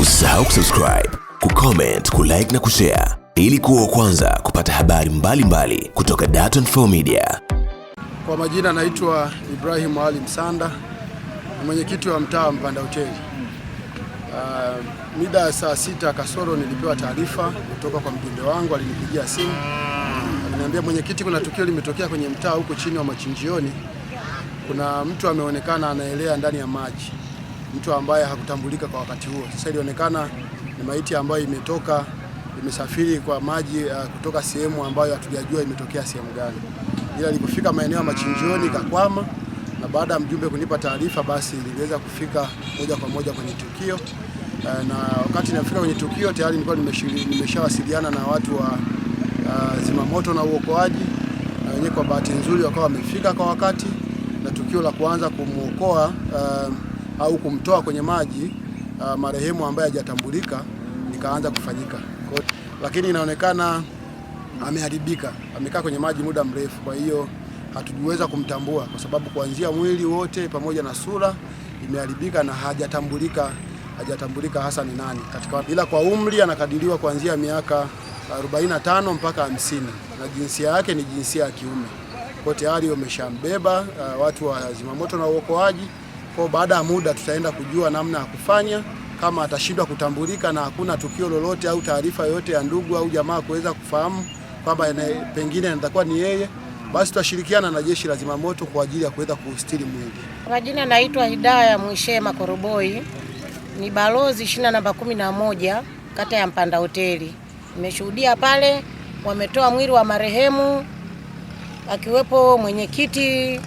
Usisahau kusubscribe, kucomment, kulike na kushare ili kuwa kwanza kupata habari mbalimbali mbali kutoka Dar24 Media. Kwa majina naitwa Ibrahim Ali Msanda, ni mwenyekiti wa mtaa Mpanda Hoteli. Uh, mida ya saa sita kasoro nilipewa taarifa kutoka kwa mjumbe wangu, alinipigia simu aliniambia, mwenyekiti, kuna tukio limetokea kwenye mtaa huko chini wa machinjioni, kuna mtu ameonekana anaelea ndani ya maji mtu ambaye hakutambulika kwa wakati huo. Sasa ilionekana ni maiti ambayo imetoka imesafiri kwa maji uh, kutoka sehemu ambayo hatujajua imetokea sehemu gani, ila ilipofika maeneo ya machinjioni ikakwama, na baada ya mjumbe kunipa taarifa, basi niliweza kufika moja kwa moja kwenye tukio uh, na wakati nafika kwenye tukio tayari nilikuwa nimeshawasiliana na watu wa uh, zimamoto na uokoaji, na wenyewe kwa bahati nzuri wakawa wamefika kwa wakati na tukio la kuanza kumwokoa uh, au kumtoa kwenye maji uh, marehemu ambaye hajatambulika nikaanza kufanyika kwa, lakini inaonekana ameharibika, amekaa kwenye maji muda mrefu, kwa hiyo hatujiweza kumtambua kwa sababu kuanzia mwili wote pamoja na sura imeharibika na hajatambulika, hajatambulika hasa ni nani katika, ila kwa umri anakadiriwa kuanzia miaka 45 mpaka 50 na jinsia yake ni jinsia ya kiume. Kwa tayari wameshambeba uh, watu wa zimamoto na uokoaji. Kwa baada ya muda tutaenda kujua namna ya kufanya kama atashindwa kutambulika na hakuna tukio lolote au taarifa yoyote ya ndugu au jamaa kuweza kufahamu kwamba pengine anatakuwa ni yeye, basi tutashirikiana na jeshi la zimamoto kwa ajili ya kuweza kustiri mwili. majina naitwa Hidaya Mwishema Makoroboi, ni balozi shina namba kumi na moja kata ya Mpanda Hoteli. Nimeshuhudia pale wametoa mwili wa marehemu akiwepo mwenyekiti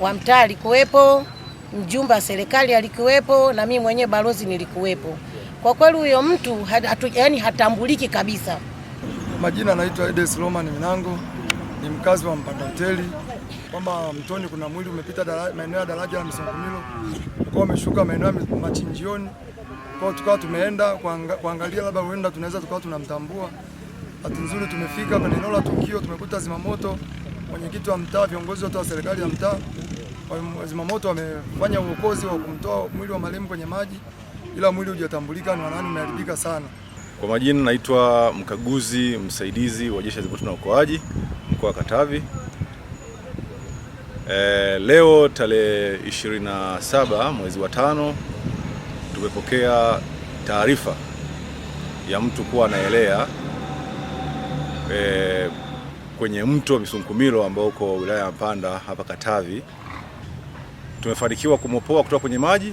wa mtaa alikuwepo mjumbe wa serikali alikuwepo na mimi mwenyewe balozi nilikuwepo. Kwa kweli huyo mtu hatu, yani hatambuliki kabisa. Majina anaitwa Edes Roman Minango, ni mkazi wa Mpanda Hoteli, kwamba mtoni kuna mwili umepita maeneo ya daraja la misungumilo kwa umeshuka maeneo ya machinjioni, kwa tukawa tumeenda kuangalia labda huenda tunaweza tukawa tunamtambua. hati nzuri tumefika kwenye eneo la tukio, tumekuta zimamoto, mwenyekiti wa mtaa, viongozi wote wa serikali ya mtaa wazimamoto wamefanya uokozi wa kumtoa mwili wa marehemu kwenye maji, ila mwili hujatambulika ni wanani umeharibika sana. Kwa majina naitwa mkaguzi msaidizi wa Jeshi la Zimamoto na Uokoaji mkoa wa Katavi. E, leo tarehe 27 mwezi wa tano tumepokea taarifa ya mtu kuwa anaelea e, kwenye mto wa misunkumiro ambao uko wilaya ya Mpanda hapa Katavi tumefanikiwa kumwopoa kutoka kwenye maji,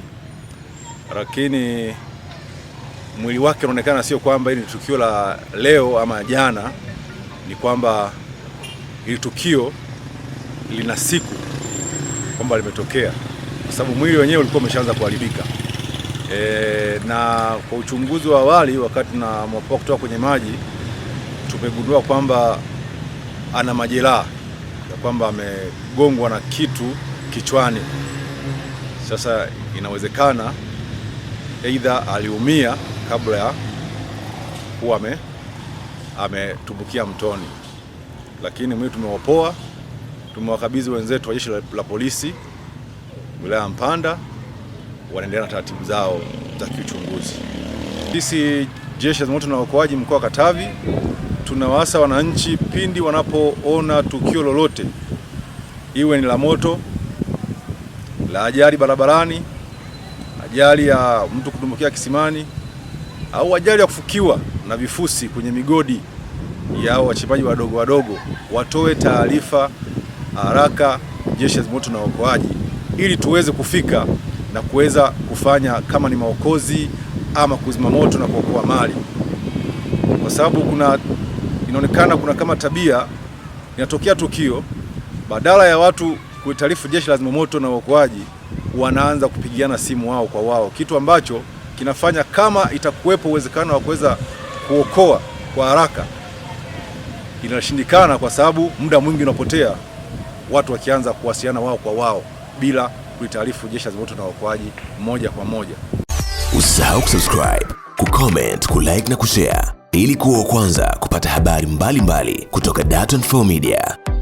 lakini mwili wake unaonekana, sio kwamba hili ni tukio la leo ama jana, ni kwamba hili tukio lina siku kwamba limetokea, kwa sababu mwili wenyewe ulikuwa umeshaanza kuharibika. E, na kwa uchunguzi wa awali wakati tunamwopoa kutoka kwenye maji tumegundua kwamba ana majeraha ya kwamba amegongwa na kitu kichwani. Sasa inawezekana aidha aliumia kabla ya kuwa ametumbukia mtoni, lakini mwili tumeopoa, tumewakabidhi wenzetu wa jeshi la polisi wilaya ya Mpanda, wanaendelea na taratibu zao za kiuchunguzi. Sisi jeshi la zimamoto na uokoaji mkoa wa Katavi tunawaasa wananchi pindi wanapoona tukio lolote, iwe ni la moto la ajali barabarani, ajali ya mtu kutumbukia kisimani, au ajali ya kufukiwa na vifusi kwenye migodi ya wachimbaji wadogo wadogo, watoe taarifa haraka jeshi la zimamoto na uokoaji, ili tuweze kufika na kuweza kufanya kama ni maokozi ama kuzima moto na kuokoa mali, kwa sababu kuna inaonekana kuna kama tabia inatokea tukio badala ya watu kuitaarifu jeshi la zimamoto na uokoaji, wanaanza kupigiana simu wao kwa wao, kitu ambacho kinafanya kama itakuwepo uwezekano wa kuweza kuokoa kwa haraka inashindikana, kwa sababu muda mwingi unapotea watu wakianza kuwasiliana wao kwa wao bila kuitaarifu jeshi la zimamoto na uokoaji moja kwa moja. Usisahau kusubscribe, kucomment, kulike na kushare ili kuwa wa kwanza kupata habari mbalimbali mbali kutoka Dar24 Media.